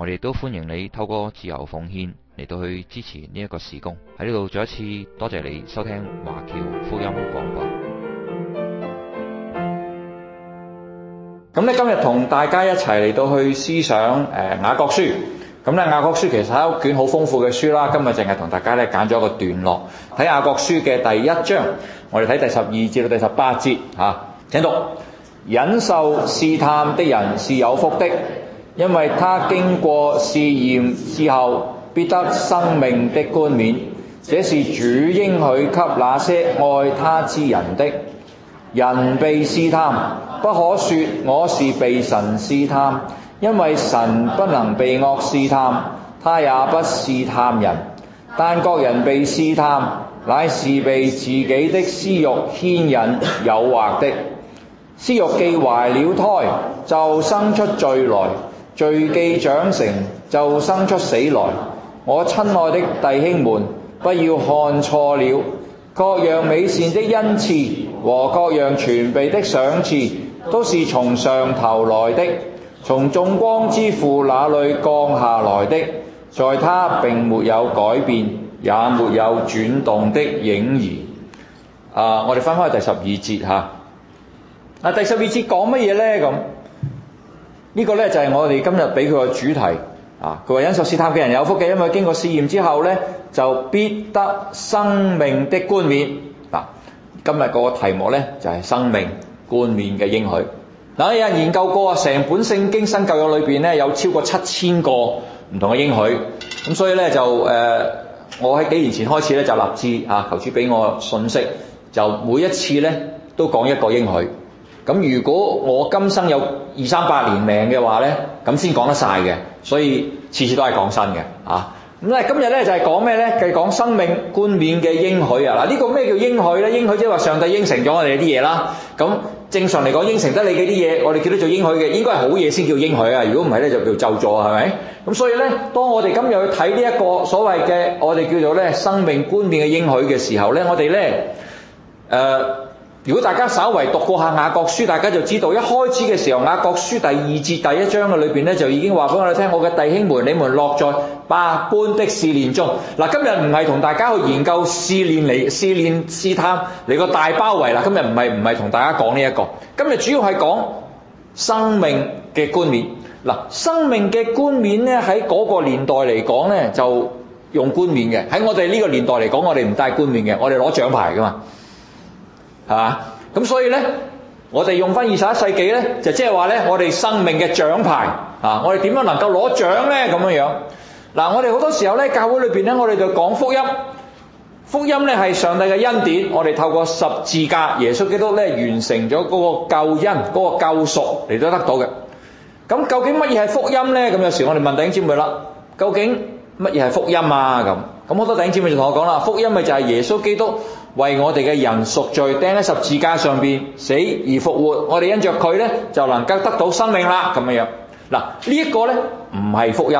我哋都歡迎你透過自由奉獻嚟到去支持呢一個事工。喺呢度再一次多謝你收聽華僑福音廣播。咁咧今日同大家一齊嚟到去思想誒、呃、雅各書。咁咧雅各書其實係一卷好豐富嘅書啦。今日淨係同大家咧揀咗一個段落，睇雅各書嘅第一章。我哋睇第十二至到第十八節。吓、啊，請讀，忍受試探的人是有福的。因為他經過試驗之後，必得生命的冠冕。這是主應許給那些愛他之人的。人被試探，不可說我是被神試探，因為神不能被惡試探。他也不試探人，但各人被試探，乃是被自己的私欲牽引誘惑的。私欲既懷了胎，就生出罪來。罪既長成就生出死來，我親愛的弟兄們，不要看錯了，各樣美善的恩賜和各樣全備的賞賜，都是從上頭來的，從眾光之父那裏降下來的，在他並沒有改變，也没有轉動的影兒。啊，我哋翻開第十二節吓，嗱、啊，第十二節講乜嘢呢？咁？呢個呢，就係我哋今日俾佢個主題啊！佢話忍受試探嘅人有福嘅，因為經過試驗之後呢，就必得生命的冠冕。嗱、啊，今日個題目呢，就係、是、生命冠冕嘅應許。嗱、啊，有人研究過啊，成本聖經新舊約裏邊呢，有超過七千個唔同嘅應許，咁、啊、所以呢，就、呃、誒，我喺幾年前開始呢，就立志啊，求主俾我信息，就每一次呢，都講一個應許。咁如果我今生有二三百年命嘅話呢，咁先講得晒嘅，所以次次都係講新嘅啊。咁咧今日呢，就係講咩呢？就續講生命觀念嘅應許啊！嗱，呢個咩叫應許呢？應許即係話上帝應承咗我哋啲嘢啦。咁正常嚟講，應承得你嗰啲嘢，我哋叫做應許嘅，應該係好嘢先叫應許啊。如果唔係呢，就叫做咒助係咪？咁所以呢，當我哋今日去睇呢一個所謂嘅我哋叫做呢生命觀念嘅應許嘅時候呢，我哋呢。誒。如果大家稍為讀過下雅各書，大家就知道一開始嘅時候，雅各書第二節第一章嘅裏邊咧，就已經話俾我哋聽：我嘅弟兄們，你們落在百般的試煉中。嗱，今日唔係同大家去研究試煉嚟，試煉試探嚟個大包圍啦。今日唔係唔係同大家講呢一個，今日主要係講生命嘅冠冕。嗱，生命嘅冠冕咧，喺嗰個年代嚟講咧，就用冠冕嘅；喺我哋呢個年代嚟講，我哋唔戴冠冕嘅，我哋攞獎牌㗎嘛。係嘛？咁、啊、所以呢，我哋用翻二十一世紀呢，就即係話呢，我哋生命嘅獎牌啊！我哋點樣能夠攞獎呢？咁樣樣嗱、啊，我哋好多時候呢，教會裏邊呢，我哋就講福音，福音呢係上帝嘅恩典，我哋透過十字架、耶穌基督呢，完成咗嗰個救恩、嗰、嗰個救贖嚟都得到嘅。咁究竟乜嘢係福音呢？咁有時我哋問弟兄姊妹啦，究竟乜嘢係福音啊？咁。咁好多弟兄姊妹就同我講啦，福音咪就係耶穌基督為我哋嘅人贖罪，釘喺十字架上面，死而復活，我哋因着佢咧就能夠得到生命啦咁樣樣。嗱，呢一個呢，唔係福音，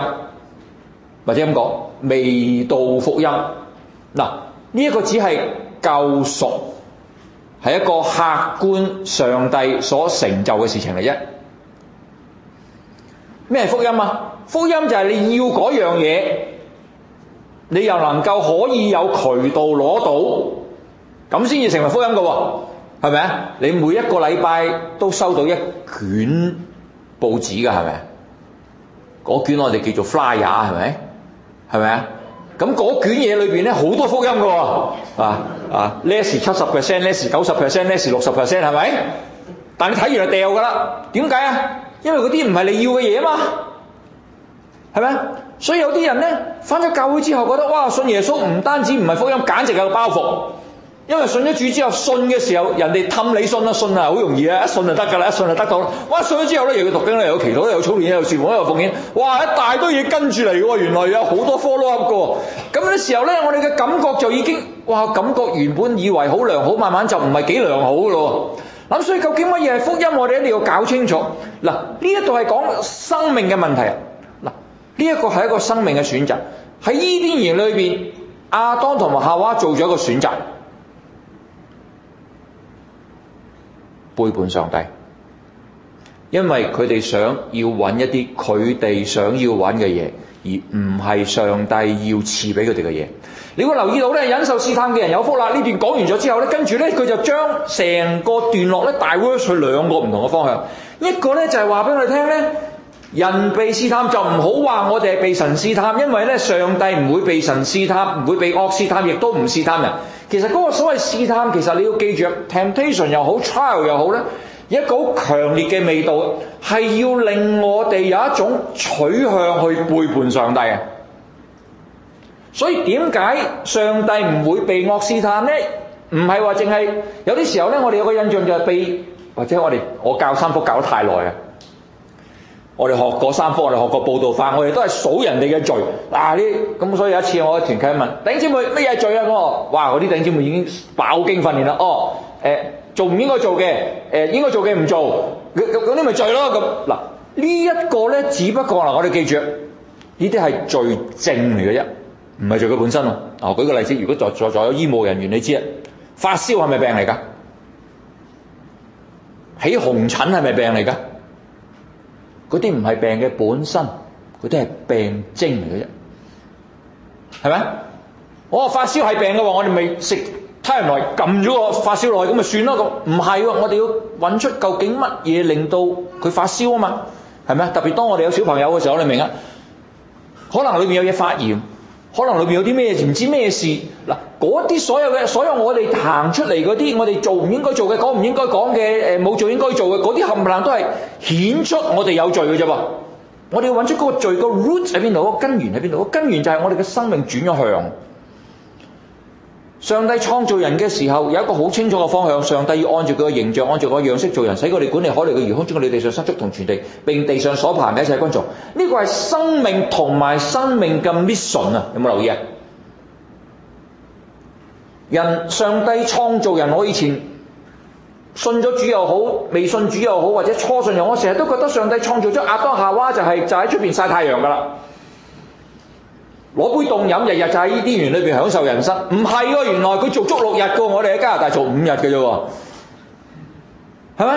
或者咁講，未到福音。嗱，呢一個只係救贖，係一個客觀上帝所成就嘅事情嚟啫。咩係福音啊？福音就係你要嗰樣嘢。你又能夠可以有渠道攞到，咁先至成為福音㗎喎，係咪啊？你每一個禮拜都收到一卷報紙㗎，係咪？嗰卷我哋叫做 flyer，係咪？係咪啊？咁嗰卷嘢裏邊咧好多福音㗎喎，啊啊，less 七十 percent，less 九十 percent，less 六十 percent，係咪？但你睇完就掉㗎喇，點解啊？因為嗰啲唔係你要嘅嘢啊嘛，係咪？所以有啲人呢，返咗教會之後，覺得哇信耶穌唔單止唔係福音，簡直係個包袱。因為信咗主之後，信嘅時候人哋氹你信啦，信啊好容易啊，一信就得㗎啦，一信就得到啦。哇信咗之後呢，又要讀經又要祈禱，又要操練，又要禱念，又要奉獻，哇一大堆嘢跟住嚟㗎喎。原來有好多 follow up 㗎喎，咁啲時候呢，我哋嘅感覺就已經哇感覺原本以為好良好，慢慢就唔係幾良好咯。咁所以究竟乜嘢係福音？我哋一定要搞清楚。嗱呢一度係講生命嘅問題。呢一個係一個生命嘅選擇，喺伊甸園裏邊，阿當同埋夏娃做咗一個選擇，背叛上帝，因為佢哋想要揾一啲佢哋想要揾嘅嘢，而唔係上帝要賜俾佢哋嘅嘢。你會留意到咧，忍受試探嘅人有福啦。呢段講完咗之後咧，跟住呢，佢就將成個段落咧大 w o r 去兩個唔同嘅方向，一個呢，就係話俾我哋聽呢。人被試探就唔好話我哋係被神試探，因為咧上帝唔會被神試探，唔會被惡試探，亦都唔試探。其實嗰個所謂試探，其實你要記住啊，temptation 又好，trial 又好，有一個好強烈嘅味道，係要令我哋有一種取向去背叛上帝啊。所以點解上帝唔會被惡試探呢？唔係話淨係有啲時候咧，我哋有個印象就係被，或者我哋我教三福教得太耐啊。我哋學過三科，我哋學過報道法，我哋都係數人哋嘅罪。嗱呢咁，所以有一次我團契問弟兄姊妹乜嘢罪啊？我個哇，啲弟兄姊妹已經飽經訓練啦。哦，誒、呃、做唔應該做嘅，誒、呃、應該做嘅唔做，嗰啲咪罪咯。咁嗱呢一個咧，只不過嗱，我哋記住呢啲係罪證嚟嘅啫，唔係罪嘅本身喎。啊，我舉個例子，如果在座有醫務人員，你知啊，發燒係咪病嚟㗎？起紅疹係咪病嚟㗎？嗰啲唔係病嘅本身，嗰啲係，佢都係病徵嚟嘅啫，係咪啊？我話發燒係病嘅話，我哋未食他人來撳咗個發燒落去，咁咪算咯？唔係喎，我哋要揾出究竟乜嘢令到佢發燒啊嘛？係咪啊？特別當我哋有小朋友嘅時候，你明啊？可能裏面有嘢發炎。可能裏面有啲咩事，唔知咩事。嗱，嗰啲所有嘅，所有我哋行出嚟嗰啲，我哋做唔應該做嘅，講唔應該講嘅，誒冇做應該做嘅，嗰啲冚唪唥都係顯出我哋有罪嘅啫噃。我哋要揾出嗰個罪、個 root 喺邊度，個根源喺邊度？個、根源就係我哋嘅生命轉咗向。上帝創造人嘅時候有一個好清楚嘅方向，上帝要按照佢嘅形象，按照佢嘅樣式做人，使佢哋管理海裏嘅魚，空中嘅地上牲畜同全地，並地上所爬嘅一切昆蟲。呢、這個係生命同埋生命嘅 mission 啊！有冇留意啊？人上帝創造人，我以前信咗主又好，未信主又好，或者初信人，我成日都覺得上帝創造咗亞當夏娃就係、是、就喺出面曬太陽㗎啦。攞杯凍飲，日日就喺呢啲園裏邊享受人生。唔係喎，原來佢足足六日嘅，我哋喺加拿大做五日嘅啫喎。係咪？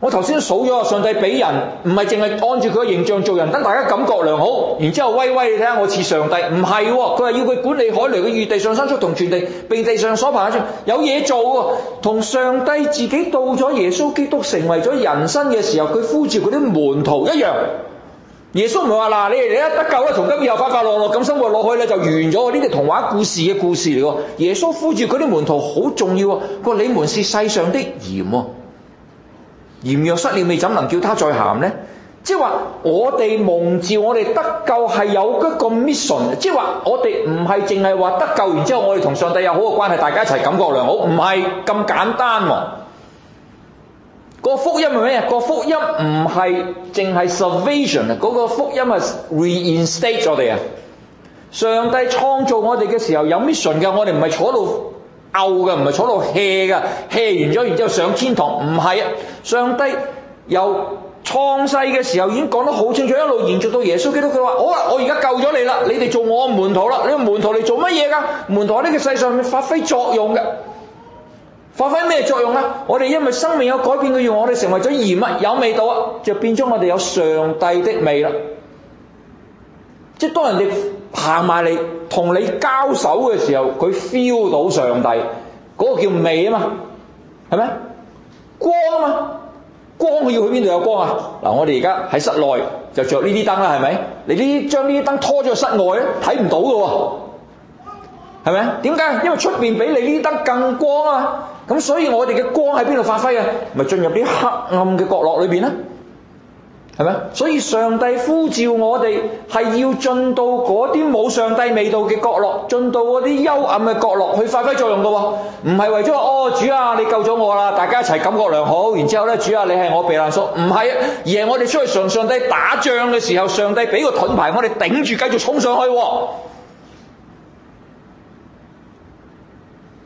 我頭先數咗，上帝俾人唔係淨係按住佢嘅形象做人，等大家感覺良好。然之後，威威，你睇下我似上帝？唔係喎，佢話要佢管理海裏嘅魚，地上牲畜同全地，被地上所爬住有嘢做喎。同上帝自己到咗耶穌基督成為咗人身嘅時候，佢呼召嗰啲門徒一樣。耶穌唔係話嗱，你哋一得救咧，從今以後快快樂樂咁生活落去咧，就完咗喎。呢啲童話故事嘅故事嚟嘅。耶穌呼住佢啲門徒好重要啊，喎，個你們是世上的鹽喎，鹽若失了，你怎能叫他再鹹呢？即係話我哋蒙召，我哋得救係有嗰個 mission，即係話我哋唔係淨係話得救然之後，我哋同上帝有好嘅關係，大家一齊感覺良好，唔係咁簡單喎。福福是是 vation，個福音係咩啊？個福音唔係淨係 salvation 啊，嗰個福音係 reinstate 我哋啊！上帝創造我哋嘅時候有 mission 嘅，我哋唔係坐度嘔嘅，唔係坐到 hea 嘅。hea 完咗，然之後上天堂唔係啊！上帝由創世嘅時候已經講得好清楚，一路延續到耶穌基督。佢話：好啦，我而家救咗你啦，你哋做我門徒啦。你門徒嚟做乜嘢㗎？門徒喺呢個世上係發揮作用嘅。發揮咩作用啊？我哋因為生命有改變嘅要我哋成為咗鹽，有味道啊，就變咗我哋有上帝的味啦。即係當人哋行埋嚟同你交手嘅時候，佢 feel 到上帝嗰個叫味啊嘛，係咪？光啊嘛，光佢要去邊度有光啊？嗱，我哋而家喺室內就着呢啲燈啦，係咪？你呢將呢啲燈拖咗去室外咧，睇唔到㗎喎，係咪？點解？因為出邊比你呢啲燈更光啊！咁所以我，我哋嘅光喺邊度發揮啊？咪進入啲黑暗嘅角落裏邊啦，係咪啊？所以上帝呼召我哋係要進到嗰啲冇上帝味道嘅角落，進到嗰啲幽暗嘅角落去發揮作用嘅喎，唔係為咗哦，主啊，你救咗我啦，大家一齊感覺良好，然之後咧，主啊，你係我避難所，唔係。而係我哋出去上上帝打仗嘅時候，上帝俾個盾牌我哋頂住，繼續衝上去喎、哦。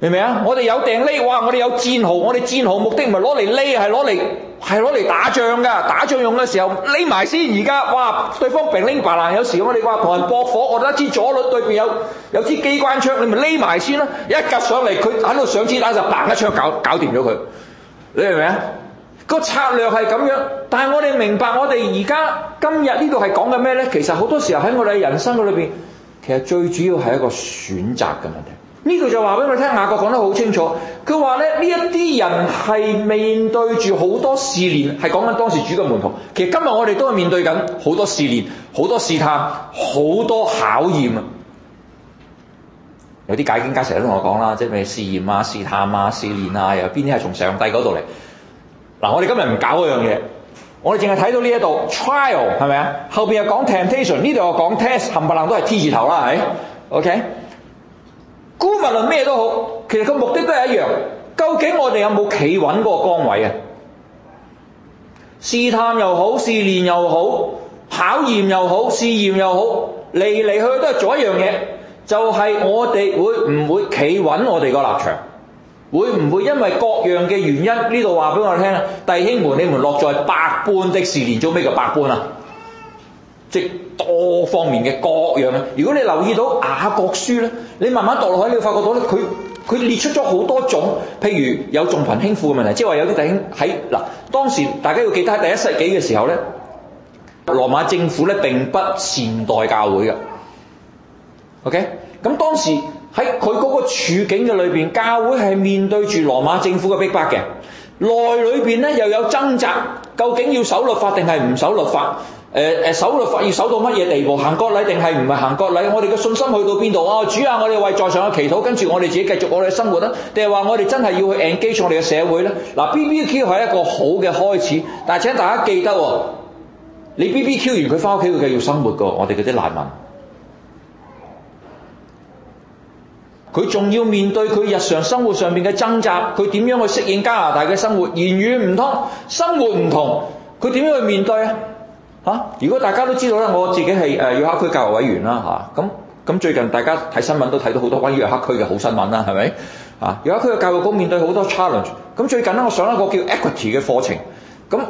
明唔明啊？我哋有掟呢，哇！我哋有戰壕，我哋戰壕目的唔係攞嚟匿，係攞嚟係攞嚟打仗㗎。打仗用嘅時候，匿埋先。而家，哇！對方並拎白爛，有時我哋話同人搏火，我哋一支左輪對面有有支機關槍，你咪匿埋先啦。一夾上嚟，佢喺度上子彈，就一槍嘭一槍搞搞掂咗佢。你明唔明啊？個策略係咁樣，但係我哋明白我，我哋而家今日呢度係講緊咩呢？其實好多時候喺我哋人生嘅裏邊，其實最主要係一個選擇嘅問題。呢句就話俾佢聽，雅各講得好清楚。佢話咧，呢一啲人係面對住好多試煉，係講緊當時主嘅門徒。其實今日我哋都係面對緊好多試煉、好多試探、好多考驗啊！有啲解經家成日都同我講啦，即係咩試驗啊、試探啊、試煉啊，又邊啲係從上帝嗰度嚟？嗱，我哋今日唔搞嗰樣嘢，我哋淨係睇到呢一度 trial 係咪啊？後邊又講 temptation，呢度又講 test，冚唪唥都係 t 字頭啦，係 ok。姑勿論咩都好，其實個目的都係一樣。究竟我哋有冇企穩嗰個崗位啊？試探又好，試煉又好，考驗又好，試驗又好，嚟嚟去去都係做一樣嘢，就係、是、我哋會唔會企穩我哋個立場？會唔會因為各樣嘅原因，呢度話俾我聽：弟兄們，你們落在百般的試煉，做咩叫百般啊？即多方面嘅各樣嘅，如果你留意到《雅各書》呢，你慢慢讀落去，你會發覺到呢，佢佢列出咗好多種，譬如有重貧輕富嘅問題，即係話有啲弟兄喺嗱，當時大家要記得喺第一世紀嘅時候呢，羅馬政府呢並不善待教會嘅，OK，咁當時喺佢嗰個處境嘅裏邊，教會係面對住羅馬政府嘅逼迫嘅，內裏邊呢，又有掙扎，究竟要守律法定係唔守律法？誒誒、呃、守律法要守到乜嘢地步？行國禮定係唔係行國禮？我哋嘅信心去到邊度啊？主啊！我哋為在場嘅祈禱，跟住我哋自己繼續我哋嘅生活咧。定係話我哋真係要去 engage 我哋嘅社會咧？嗱、呃、B B Q 係一個好嘅開始，但係請大家記得喎、哦，你 B B Q 完佢翻屋企，佢繼續生活噶。我哋嗰啲難民，佢仲要面對佢日常生活上面嘅掙扎，佢點樣去適應加拿大嘅生活？言語唔通，生活唔同，佢點樣去面對啊？嚇！如果大家都知道咧，我自己係誒約克區教育委員啦嚇，咁咁最近大家睇新聞都睇到好多關於約克區嘅好新聞啦，係咪？嚇、啊！約克區嘅教育局面對好多 challenge，咁最近咧我上一個叫 equity 嘅課程，咁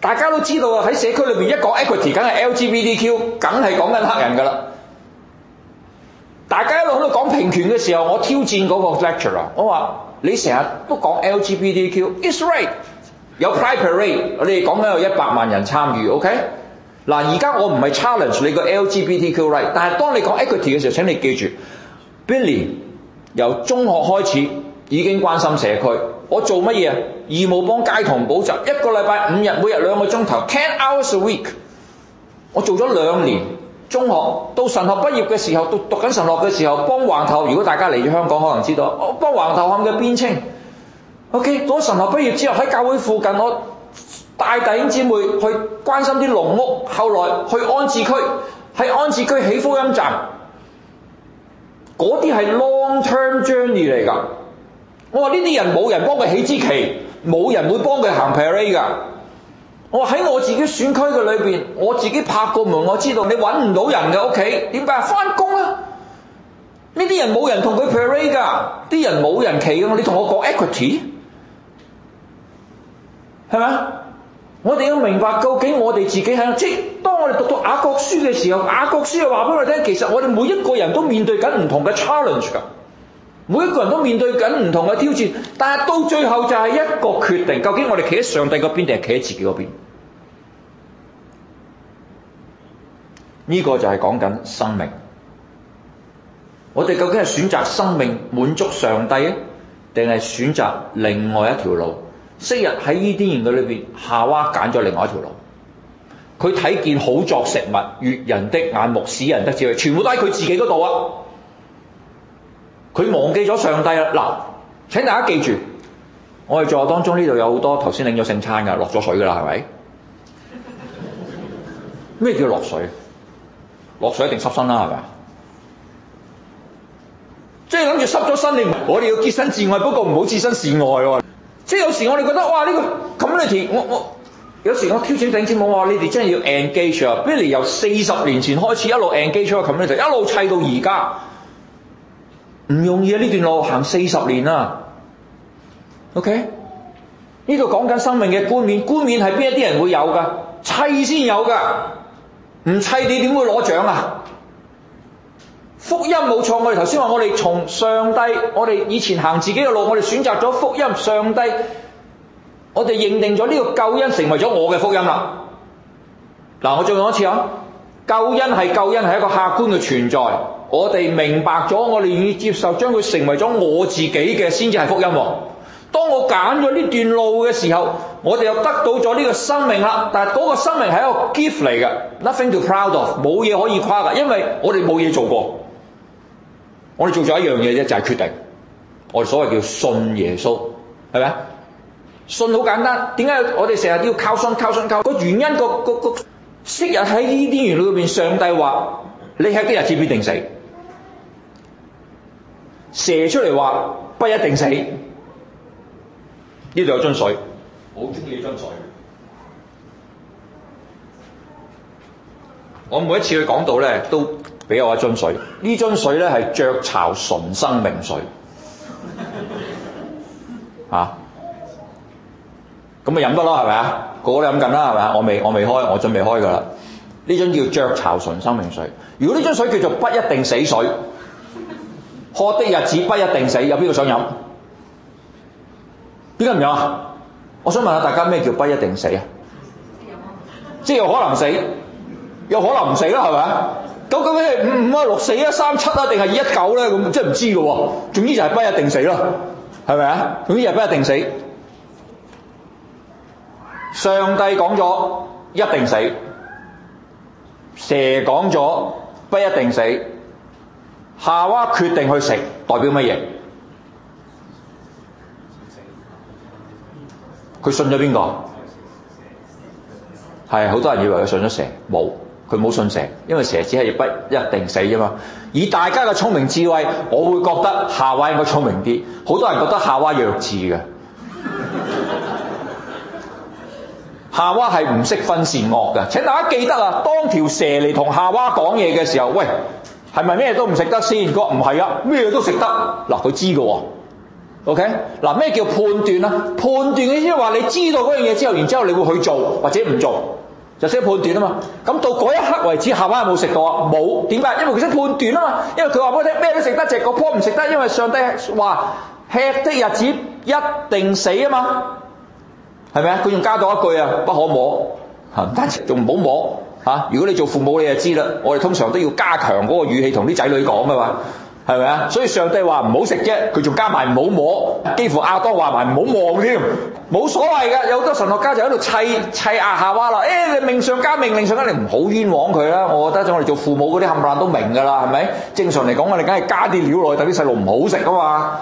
大家都知道啊，喺社區裏邊一講 equity，梗係 LGBTQ，梗係講緊黑人噶啦。大家一路喺度講平權嘅時候，我挑戰嗰個 lecturer，我話你成日都講 LGBTQ，is t、right. r i g h t 有 private，你哋講緊有一百萬人參與，OK？嗱，而家我唔係 challenge 你個 LGBTQ right，但係當你講 equity 嘅時候，請你記住，Billy 由中學開始已經關心社區。我做乜嘢啊？義務幫街童補習，一個禮拜五日，每日兩個鐘頭，ten hours a week。我做咗兩年中學，到神學畢業嘅時候，到讀緊神學嘅時候，幫橫頭。如果大家嚟咗香港，可能知道，我幫橫頭磡嘅邊稱。O.K.，我神學畢業之後喺教會附近，我帶弟兄姊妹去關心啲農屋，後來去安置區，喺安置區起福音站。嗰啲係 long-term journey 嚟㗎。我話呢啲人冇人幫佢起支旗，冇人會幫佢行 parade 㗎。我話喺我自己選區嘅裏邊，我自己拍過門，我知道你揾唔到人嘅屋企，點解？翻工啊！呢啲人冇人同佢 parade 㗎，啲人冇人企㗎。你同我講 equity？係嘛？我哋要明白究竟我哋自己喺即係，當我哋讀到雅各書嘅時候，雅各書就話俾我哋聽，其實我哋每一個人都面對緊唔同嘅 challenge，每一個人都面對緊唔同嘅挑戰，但係到最後就係一個決定，究竟我哋企喺上帝嗰邊定係企喺自己嗰邊？呢、這個就係講緊生命，我哋究竟係選擇生命滿足上帝呢，定係選擇另外一條路？昔日喺呢啲研究裏邊，夏娃揀咗另外一條路。佢睇見好作食物，悅人的眼目，使人的智慧，全部都喺佢自己嗰度啊！佢忘記咗上帝啦！嗱，請大家記住，我哋座下當中呢度有好多頭先領咗聖餐嘅，落咗水嘅啦，係咪？咩叫落水？落水一定濕身啦，係咪？即係諗住濕咗身，你我哋要潔身自愛，不過唔好置身事外。即係有時我哋覺得哇呢個 community，我我有時我挑戰頂尖，我話你哋真係要 engage 啊！Billy 由四十年前開始一路 engage community，一路砌到而家，唔容易啊！呢段路行四十年啊 OK？呢度講緊生命嘅冠冕，冠冕係邊一啲人會有㗎？砌先有㗎，唔砌你點會攞獎啊？福音冇錯，我哋頭先話我哋從上帝，我哋以前行自己嘅路，我哋選擇咗福音。上帝，我哋認定咗呢個救恩成為咗我嘅福音啦。嗱，我再講一次啊，救恩係救恩係一個客觀嘅存在。我哋明白咗，我哋願意接受，將佢成為咗我自己嘅先至係福音。當我揀咗呢段路嘅時候，我哋又得到咗呢個生命啦。但係嗰個生命係一個 gift 嚟嘅，Nothing to proud of，冇嘢可以誇嘅，因為我哋冇嘢做過。我哋做咗一樣嘢啫，就係、是、決定，我哋所謂叫信耶穌，係咪？信好簡單，點解我哋成日要靠信、靠信、靠？個原因個個昔日喺伊甸園裏面，上帝話你吃啲日子必定死，蛇出嚟話不一定死。呢度有樽水，我好中意呢樽水。我每一次去講到呢，都。俾我一樽水，呢樽水咧係雀巢純生命水，嚇，咁咪飲得咯，係咪啊？個個都飲緊啦，係咪啊？我未我未開，我準備開噶啦。呢樽叫雀巢純生命水。如果呢樽水叫做不一定死水，喝的日子不一定死，有邊個想飲？點解唔飲啊？我想問下大家咩叫不一定死啊？即係有可能死，有可能唔死啦，係咪啊？咁咁佢係五五啊、六四啊、三七啊，定係一九呢？咁即係唔知嘅喎。總之就係不一定死咯，係咪啊？總之就係不一定死。上帝講咗一定死，蛇講咗不一定死。夏娃決定去食，代表乜嘢？佢信咗邊個？係好多人以為佢信咗蛇，冇。佢冇信蛇，因為蛇只係不一定死啫嘛。以大家嘅聰明智慧，我會覺得夏娃應該聰明啲。好多人覺得夏娃弱智嘅， 夏娃係唔識分善惡嘅。請大家記得啊，當條蛇嚟同夏娃講嘢嘅時候，喂，係咪咩都唔食得先？如果唔係啊，咩都食得嗱，佢知㗎喎。OK，嗱，咩叫判斷呀？判斷嘅意思係話，你知道嗰樣嘢之後，然之後你會去做或者唔做。就識判斷啊嘛，咁到嗰一刻為止，夏娃有冇冇食到啊？冇。點解？因為佢識判斷啊嘛，因為佢話俾我聽咩都食得，只個樖唔食得，因為上帝話吃的日子一定死啊嘛，係咪啊？佢仲加咗一句不可摸嚇，唔單止食，仲唔好摸，啊，如果你做父母，你就知啦。我哋通常都要加強嗰個語氣同啲仔女講噶嘛。係咪啊？所以上帝話唔好食啫，佢仲加埋唔好摸，幾乎亞當話埋唔好望添，冇所謂㗎。有好多神學家就喺度砌砌亞夏娃啦。誒、哎，命，命上加命，令上加，你唔好冤枉佢啦。我覺得就我哋做父母嗰啲冚唪唥都明㗎啦，係咪？正常嚟講，我哋梗係加啲料落去，等啲細路唔好食啊嘛。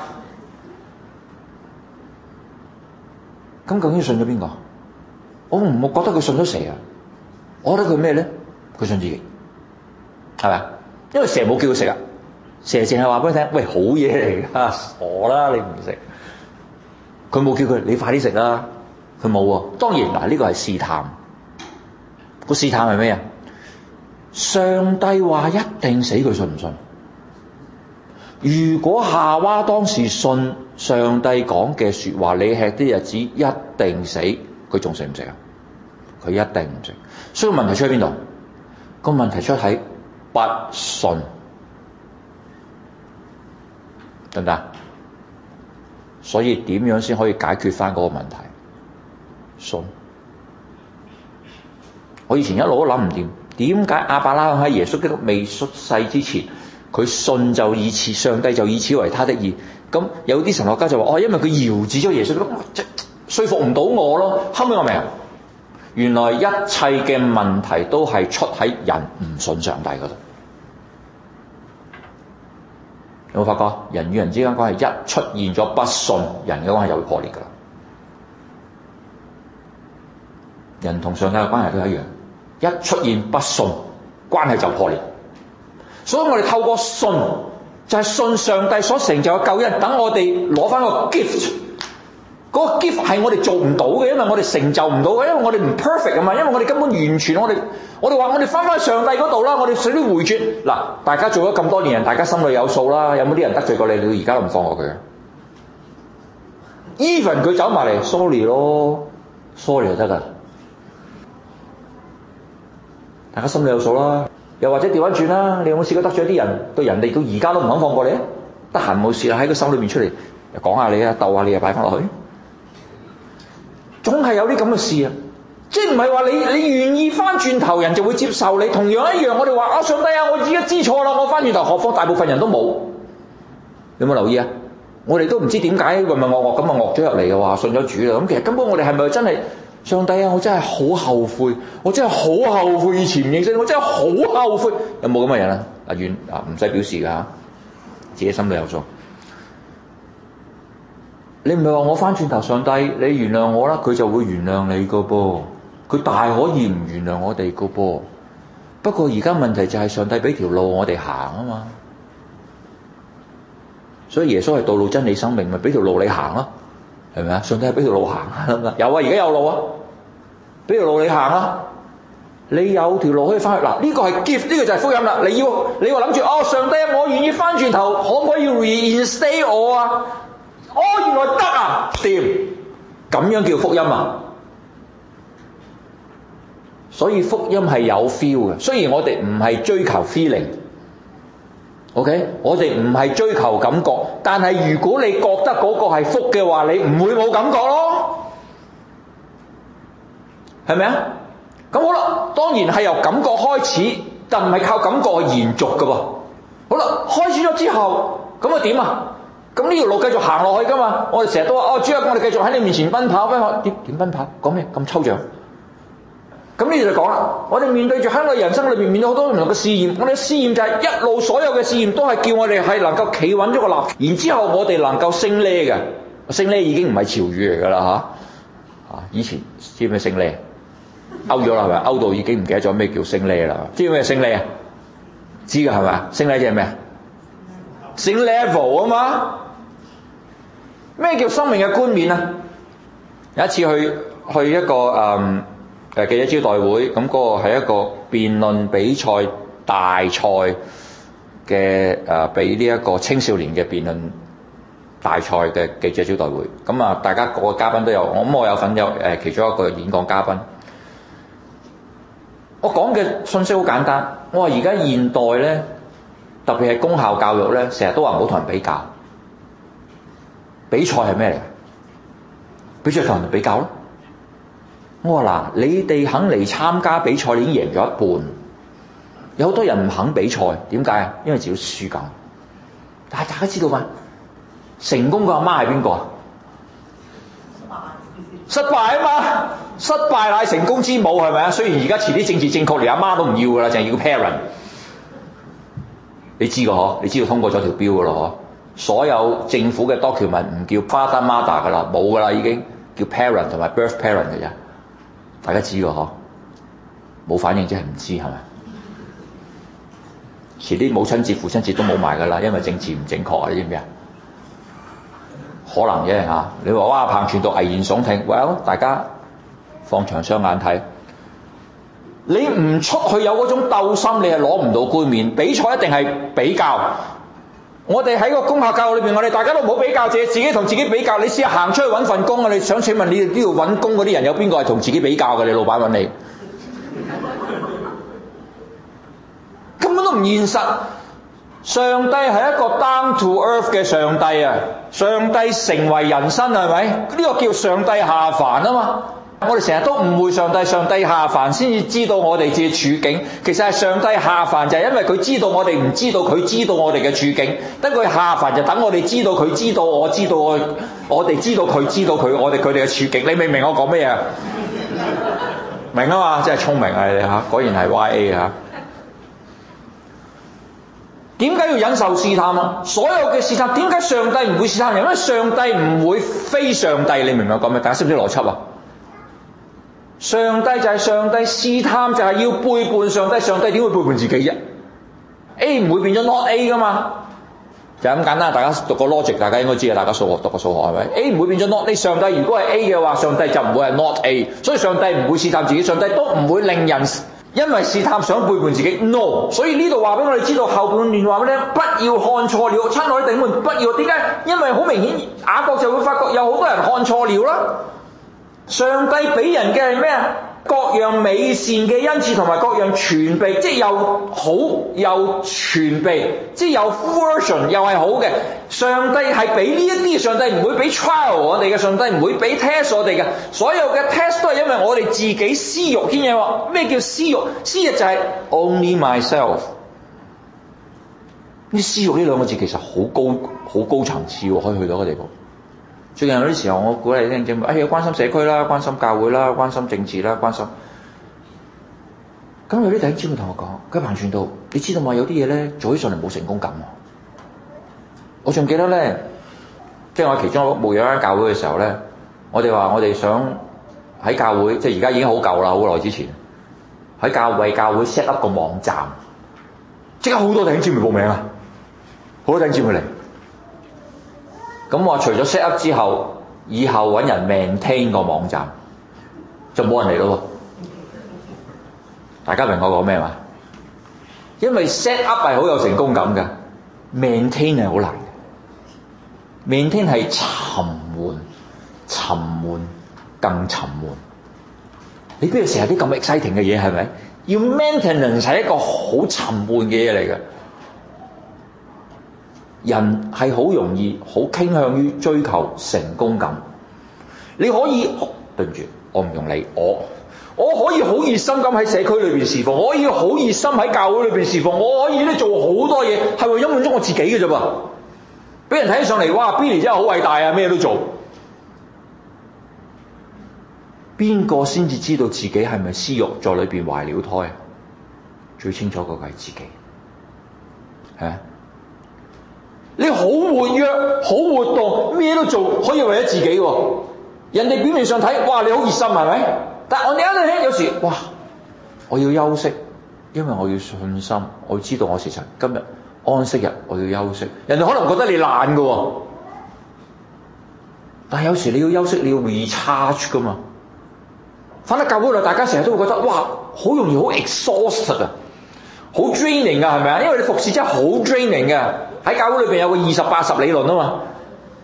咁究竟信咗邊個？我唔覺得佢信咗蛇啊，我覺得佢咩咧？佢信自己係咪啊？因為蛇冇叫佢食啊。蛇淨係話俾佢聽，喂，好嘢嚟㗎，傻啦你唔食。佢冇叫佢，你快啲食啦。佢冇啊，當然嗱，呢個係試探。個試探係咩啊？上帝話一定死，佢信唔信？如果夏娃當時信上帝講嘅説話，你吃啲日子一定死，佢仲食唔食啊？佢一定唔食。所以問題出喺邊度？個問題出喺不信。得唔得？所以點樣先可以解決返嗰個問題？信。我以前一路都諗唔掂，點解亞伯拉罕喺耶穌基督未出世之前，佢信就以此上帝就以此為他的意？咁有啲神學家就話：哦，因為佢遙指咗耶穌基督，即說服唔到我咯。後尾我明，原來一切嘅問題都係出喺人唔信上帝嗰度。有冇發覺，人與人之間關係一出現咗不信，人嘅關係就會破裂㗎喇。人同上帝嘅關係都一樣，一出現不信，關係就破裂。所以我哋透過信，就係信上帝所成就嘅救恩，等我哋攞返個 gift。嗰個 gift 係我哋做唔到嘅，因為我哋成就唔到嘅，因為我哋唔 perfect 啊嘛，因為我哋根本完全我哋，我哋話我哋翻返上帝嗰度啦，我哋順啲回轉。嗱，大家做咗咁多年人，大家心裏有數啦。有冇啲人得罪過你，你到而家都唔放過佢？Even 佢走埋嚟，sorry 咯，Sorry，咯，sorry 就得㗎。大家心裏有數啦。又或者調翻轉啦，你有冇試過得罪一啲人，對人哋到而家都唔肯放過你咧？得閒冇事啦，喺佢心裏面出嚟講下你啊，鬥下你啊，擺翻落去。總係有啲咁嘅事啊，即係唔係話你你願意翻轉頭，人就會接受你。同樣一樣，我哋話啊，上帝啊，我依家知錯啦，我翻轉頭，何況大部分人都冇，有冇留意啊？我哋都唔知點解渾渾噩噩咁啊，惡咗入嚟嘅話，信咗主啦。咁其實根本我哋係咪真係上帝啊？我真係好後悔，我真係好後悔以前唔認識，我真係好後悔。有冇咁嘅人啊？阿遠啊，唔使、啊、表示噶、啊、自己心裏有數。你唔係話我翻轉頭，上帝，你原諒我啦，佢就會原諒你個噃，佢大可以唔原諒我哋個噃。不過而家問題就係上帝俾條路我哋行啊嘛，所以耶穌係道路、真理、生命，咪俾條路你行咯，係咪啊？上帝係俾條路行啊，有啊，而家有路啊，俾條路你行啊，你有條路可以翻去嗱，呢個係 gift，呢個就係福音啦。你要你話諗住哦，上帝，我願意翻轉頭，可唔可以 reinstate 我啊？哦，原來得啊，掂，咁樣叫福音啊，所以福音係有 feel 嘅。雖然我哋唔係追求 feeling，OK，我哋唔係追求感覺，但係如果你覺得嗰個係福嘅話，你唔會冇感覺咯，係咪啊？咁好啦，當然係由感覺開始，就唔係靠感覺延續嘅喎。好啦，開始咗之後，咁啊點啊？咁呢條路繼續行落去噶嘛？我哋成日都話，哦，主啊，我哋繼續喺你面前奔跑，奔跑點點奔跑？講咩咁抽象？咁呢度就講啦。我哋面對住喺我人生裏面面咗好多唔同嘅試驗，我哋嘅試驗就係、是、一路所有嘅試驗都係叫我哋係能夠企穩咗個立，然之後我哋能夠升呢嘅。升呢已經唔係潮語嚟噶啦吓，啊以前知咩升呢？勾咗啦，係咪勾到已經唔記得咗咩叫升呢啦？知咩升呢啊？知噶係嘛？升呢即係咩啊？升 level 啊嘛？咩叫生命嘅冠冕啊？有一次去去一個誒誒、嗯、記者招待會，咁、那、嗰個係一個辯論比賽大賽嘅誒，俾呢一個青少年嘅辯論大賽嘅記者招待會。咁啊，大家各個嘉賓都有，我我有份有誒其中一個演講嘉賓。我講嘅信息好簡單，我話而家現代呢，特別係公校教育呢，成日都話唔好同人比較。比賽係咩嚟？比賽同人比較咯。我話嗱，你哋肯嚟參加比賽，你已經贏咗一半。有好多人唔肯比賽，點解啊？因為自己輸緊。但係大家知道嘛？成功個阿媽係邊個啊？失敗啊嘛！失敗乃成功之母係咪啊？雖然而家遲啲政治正確，連阿媽都唔要噶啦，淨係要個 parent。你知噶呵？你知道通過咗條標噶咯呵？所有政府嘅 document 唔叫 father mother 噶啦，冇噶啦已經叫 parent 同埋 birth parent 嘅啫。大家知喎呵？冇反應即係唔知係咪？遲啲母親節、父親節都冇埋噶啦，因為政治唔正確啊！你知唔知啊？可能啫吓。你話哇阿彭傳道危言聳聽，well 大家放長雙眼睇。你唔出去有嗰種鬥心，你係攞唔到冠冕。比賽一定係比較。我哋喺個工學教育裏面，我哋大家都唔好比較自己，自己同自己比較。你先行出去揾份工，你想請問你呢度揾工嗰啲人有邊個係同自己比較嘅？你老闆問你，根本都唔現實。上帝係一個 down to earth 嘅上帝啊！上帝成為人身係咪？呢個叫上帝下凡啊嘛！我哋成日都誤會上帝，上帝下凡先至知道我哋嘅處境。其實係上帝下凡，就係因為佢知道我哋唔知道，佢知道我哋嘅處境。等佢下凡，就等我哋知道佢知道，我知道我哋知道佢知道佢我哋佢哋嘅處境。你明唔明我講咩啊？明啊嘛，真係聰明啊！你嚇，果然係 Y A 啊！點解要忍受試探啊？所有嘅試探，點解上帝唔會試探？因為上帝唔會非上帝。你明唔明我講咩？大家識唔識邏輯啊？上帝就係上帝，試探就係要背叛上帝。上帝點會背叛自己啫？A 唔會變咗 not A 噶嘛？就咁簡單，大家讀個 logic，大家應該知啊。大家數學讀個數學係咪？A 唔會變咗 not。上帝如果係 A 嘅話，上帝就唔會係 not A。所以上帝唔會試探自己，上帝都唔會令人因為試探想背叛自己。no。所以呢度話俾我哋知道，後半段話俾你聽，不要看錯了，親愛的頂門。不要點解？因為好明顯，雅各就會發覺有好多人看錯了啦。上帝俾人嘅係咩啊？各樣美善嘅恩賜同埋各樣全備，即係又好又全備，即係又 full version 又係好嘅。上帝係俾呢一啲，上帝唔會俾 trial 我哋嘅，上帝唔會俾 test 我哋嘅。所有嘅 test 都係因為我哋自己私欲啲嘢。咩叫私欲？私欲就係 only myself。啲私欲呢兩個字其實好高好高層次喎，可以去到一個地方。最近有啲時候，我鼓勵啲政府，哎，要關心社區啦，關心教會啦，關心政治啦，關心。咁有啲弟兄姊妹同我講，佢行轉到，你知道嘛？有啲嘢咧，做起上嚟冇成功感。我仲記得咧，即係我其中一冇樣喺教會嘅時候咧，我哋話我哋想喺教會，即係而家已經好舊啦，好耐之前喺教會為教會 set up 個網站，即刻好多弟兄姊妹報名啊，好多弟兄姊妹嚟。咁話除咗 set up 之後，以後揾人 maintain 個網站就冇人嚟咯喎！大家明我講咩嘛？因為 set up 係好有成功感嘅，maintain 係好難嘅，maintain 係沉悶、沉悶更沉悶。你邊度成日啲咁 exciting 嘅嘢係咪？要 maintenance 係一個好沉悶嘅嘢嚟嘅。人係好容易好傾向於追求成功感。你可以對唔住，我唔用理我，我可以好熱心咁喺社區裏邊侍奉，我可以好熱心喺教會裏邊侍奉，我可以咧做好多嘢，係為咗滿足我自己嘅啫噃。俾人睇起上嚟，哇！Billy 真係好偉大啊，咩都做。邊個先至知道自己係咪私欲在裏邊懷了胎？最清楚嗰個係自己嚇。你好活躍，好活動，咩都做，可以為咗自己喎。人哋表面上睇，哇，你好熱心，係咪？但係我哋喺度聽，有時，哇，我要休息，因為我要信心，我要知道我是神，今日安息日，我要休息。人哋可能覺得你懶嘅喎，但係有時你要休息，你要 recharge 噶嘛。翻到教會度，大家成日都會覺得，哇，好容易好 exhaust 嘅。好 draining 噶，係咪啊？因為你服侍真係好 draining 嘅。喺教會裏邊有個二十八十理論啊嘛，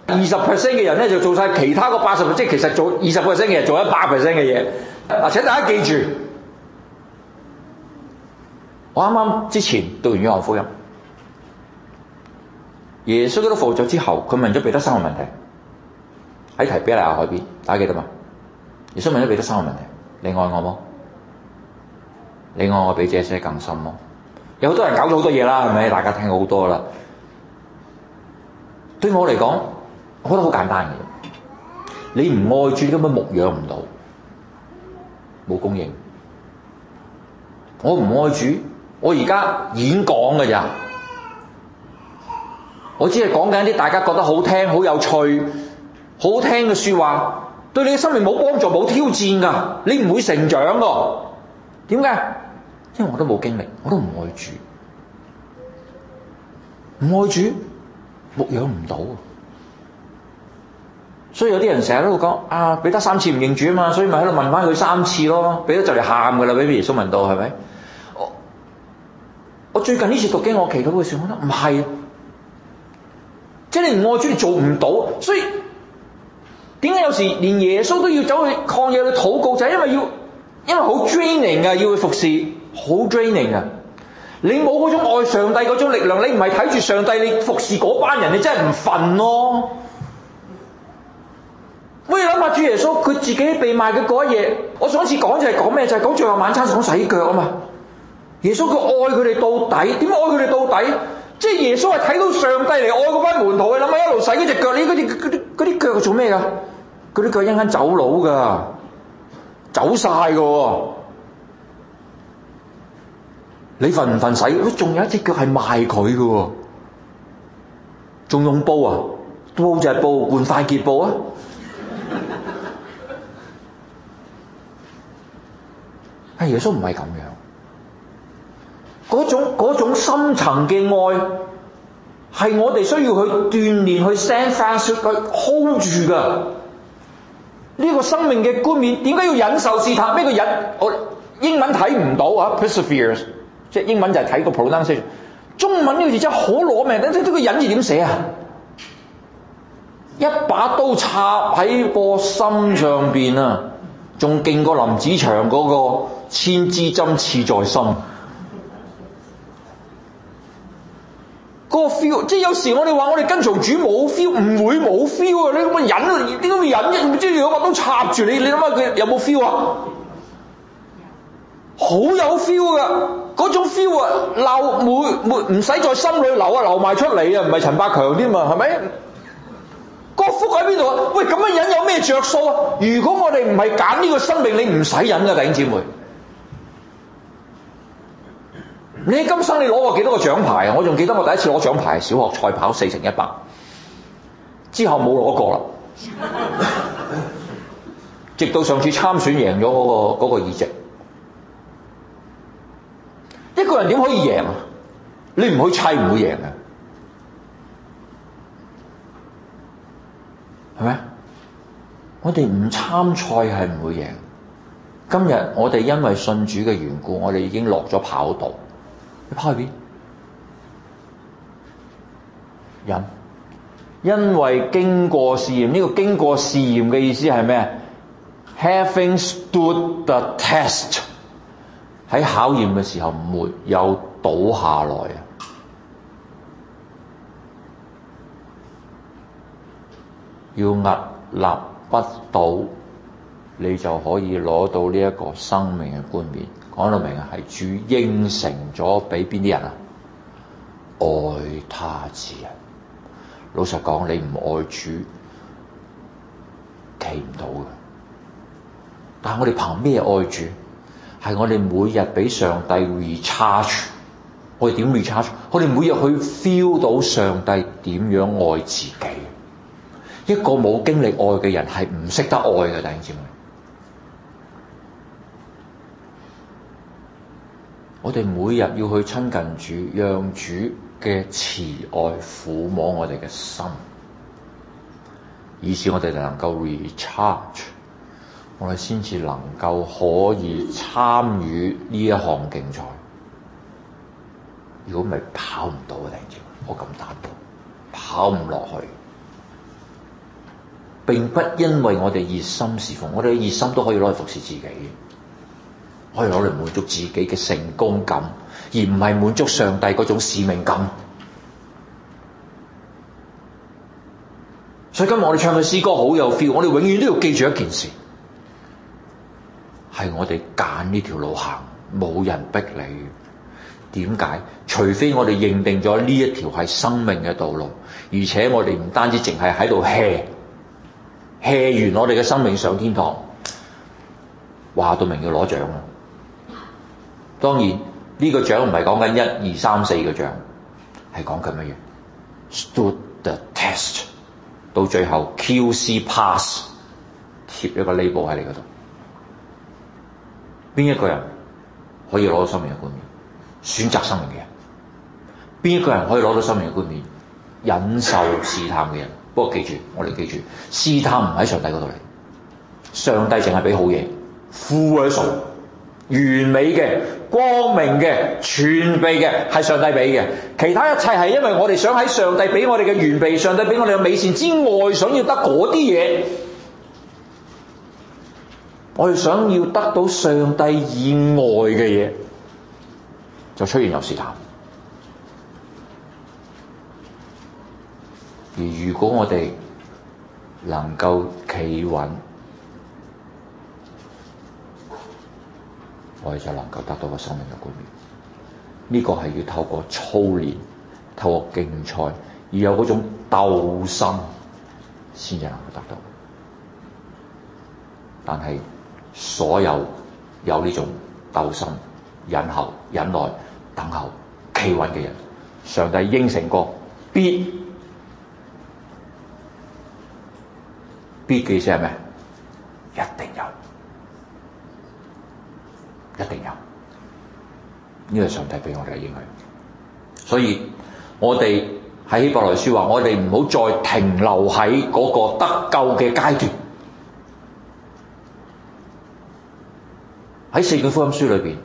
二十 percent 嘅人咧就做晒其他個八十即 e 其實做二十 percent 嘅人做一百 percent 嘅嘢。嗱，請大家記住，我啱啱之前讀完《約翰福音》，耶穌都服咗之後，佢問咗彼得三個問題，喺提比拉海邊，大家記得嘛？耶穌問咗彼得三個問題：你愛我麼？你愛我比這些更深麼？有好多人搞咗好多嘢啦，係咪？大家聽過好多啦。對我嚟講，我覺得好簡單嘅。你唔愛主，根本牧養唔到，冇供應。我唔愛主，我而家演講嘅咋？我只係講緊啲大家覺得好聽、好有趣、好，好聽嘅說話，對你嘅生命冇幫助、冇挑戰噶，你唔會成長㗎。點解？因為我都冇經歷，我都唔愛主，唔愛主，牧養唔到，所以有啲人成日喺度講啊，彼得三次唔認主啊嘛，所以咪喺度問返佢三次咯，彼得就嚟喊噶啦，俾耶穌問到係咪？我我最近呢次讀經我祈禱嘅時候，我覺得唔係啊，即係你唔愛主你做唔到，所以點解有時連耶穌都要走去曠野去禱告，就係、是、因為要因為好 draining 啊，要去服侍。」好 draining 啊！你冇嗰種愛上帝嗰種力量，你唔係睇住上帝，你服侍嗰班人，你真係唔憤咯。我哋諗下主耶穌，佢自己被賣嘅嗰一夜，我上一次講就係講咩？就係講最後晚餐，想洗腳啊嘛。耶穌佢愛佢哋到底，點愛佢哋到底？即係耶穌係睇到上帝嚟愛嗰班門徒，係諗下一路洗嗰隻腳。你嗰啲啲嗰腳係做咩㗎？嗰啲腳一陣間走佬㗎，走晒㗎喎。你瞓唔瞓？使？仲有一隻腳係賣佢嘅喎，仲用煲啊？煲就係布，換塊傑布啊！啊、 哎，耶穌唔係咁樣，嗰種，種深層嘅愛係我哋需要去鍛鍊、去 send fast、 去 hold 住嘅呢、這個生命嘅冠冕。點解要忍受試探？呢個人我英文睇唔到啊 perseverance 即係英文就係睇個 pronunciation 中文呢、這個字真係好攞命，等等睇佢忍字點寫啊！一把刀插喺個心上邊啊，仲勁過林子祥嗰個千枝針刺在心。嗰、那個 feel，即係有時我哋話我哋跟從主冇 feel，唔會冇 feel 啊！你咁樣忍，你咁樣忍，忍，唔知有把刀插住你，你諗下佢有冇 feel 啊？好有 feel 㗎！嗰種 feel 啊，流每唔使在心裏流啊，流埋出嚟啊，唔係陳百強添嘛，係咪？個福喺邊度啊？喂，咁嘅人有咩着數啊？如果我哋唔係揀呢個生命，你唔使忍嘅，啊，弟兄姊妹。你今生你攞過幾多個獎牌啊？我仲記得我第一次攞獎牌，小學賽跑四乘一百，之後冇攞過啦。 直到上次參選贏咗嗰個嗰、嗰個議席。一個人點可以贏啊？你唔去猜唔會贏啊！係咪？我哋唔參賽係唔會贏。今日我哋因為信主嘅緣故，我哋已經落咗跑道。你跑去邊？忍，因為經過試驗。呢個經過試驗嘅意思係咩？Having stood the test。喺考驗嘅時候，沒有倒下來，要屹立不倒，你就可以攞到呢一個生命嘅冠冕。講到明啊，係主應承咗畀邊啲人啊？愛他之人。老實講，你唔愛主，企唔到嘅。但係我哋憑咩愛主？係我哋每日俾上帝 recharge，我哋點 recharge？我哋每日去 feel 到上帝點樣愛自己。一個冇經歷愛嘅人係唔識得愛嘅，弟兄姊妹。我哋每日要去親近主，讓主嘅慈愛撫摸我哋嘅心，以至我哋能夠 recharge。我哋先至能夠可以參與呢一項競賽，如果唔係跑唔到嘅弟兄，我咁擔保跑唔落去。並不因為我哋熱心侍奉，我哋嘅熱心都可以攞嚟服侍自己，可以攞嚟滿足自己嘅成功感，而唔係滿足上帝嗰種使命感。所以今日我哋唱嘅詩歌好有 feel，我哋永遠都要記住一件事。係我哋揀呢條路行，冇人逼你。點解？除非我哋認定咗呢一條係生命嘅道路，而且我哋唔單止淨係喺度 hea，hea 完我哋嘅生命上天堂，話到明要攞獎啊！當然呢個獎唔係講緊一二三四個獎，係講緊乜嘢 Stood the test，到最後 QC pass，貼一個 label 喺你嗰度。邊一個人可以攞到生命嘅冠冕？選擇生命嘅人。邊一個人可以攞到生命嘅冠冕？忍受試探嘅人。不過記住，我哋記住，試探唔喺上帝嗰度嚟，上帝淨係俾好嘢 full 嘅數完美嘅、光明嘅、全備嘅，係上帝俾嘅。其他一切係因為我哋想喺上帝俾我哋嘅完備，上帝俾我哋嘅美善之外，想要得嗰啲嘢。我哋想要得到上帝以外嘅嘢，就出現有試探。而如果我哋能夠企穩，我哋就能夠得到個生命嘅冠冕。呢、這個係要透過操練、透過競賽，而有嗰種鬥心，先至能夠得到。但係，所有有呢種鬥心、忍候、忍耐、等候、企穩嘅人，上帝應承過必，必嘅意思係咩？一定有，一定有。呢個上帝俾我哋應許，所以我哋喺希伯來書話：我哋唔好再停留喺嗰個得救嘅階段。呢四卷福音書裡邊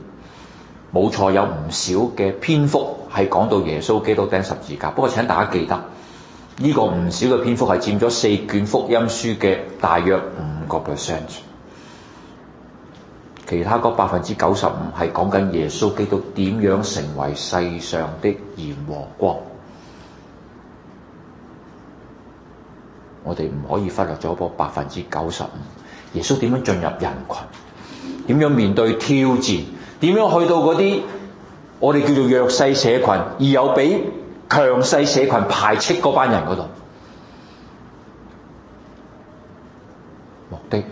冇錯有唔少嘅篇幅係講到耶穌基督釘十字架，不過請大家記得呢、這個唔少嘅篇幅係佔咗四卷福音書嘅大約五個 percent，其他嗰百分之九十五係講緊耶穌基督點樣成為世上的鹽和光。我哋唔可以忽略咗嗰百分之九十五，耶穌點樣進入人群？點樣面對挑戰？點樣去到嗰啲我哋叫做弱勢社群，而有俾強勢社群排斥嗰班人嗰度？目的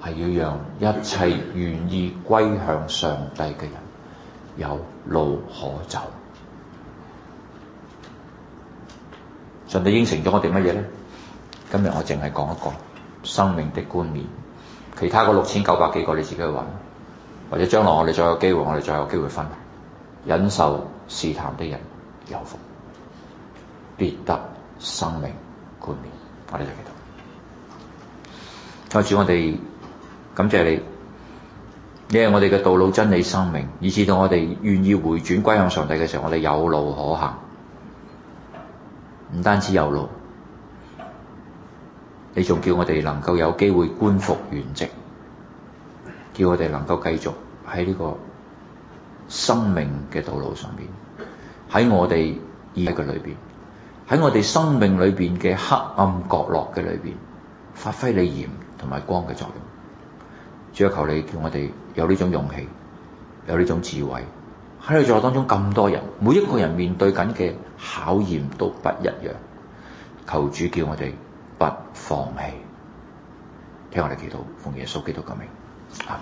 係要讓一切願意歸向上帝嘅人有路可走。上帝應承咗我哋乜嘢咧？今日我淨係講一講生命的冠冕。其他嗰六千九百幾個你自己去揾，或者將來我哋再有機會，我哋再有機會分。忍受試探的人有福，必得生命冠冕。我哋就祈禱。阿主，我哋感謝你，因為我哋嘅道路、真理、生命。以至到我哋願意回轉歸向上帝嘅時候，我哋有路可行。唔單止有路。你仲叫我哋能夠有機會官復原職，叫我哋能夠繼續喺呢個生命嘅道路上邊，喺我哋意識嘅裏邊，喺我哋生命裏邊嘅黑暗角落嘅裏邊，發揮你鹽同埋光嘅作用。主要求你叫我哋有呢種勇氣，有呢種智慧，喺你座落當中咁多人，每一個人面對緊嘅考驗都不一樣。求主叫我哋。不放棄，聽我哋祈禱奉耶穌基督救命。啊！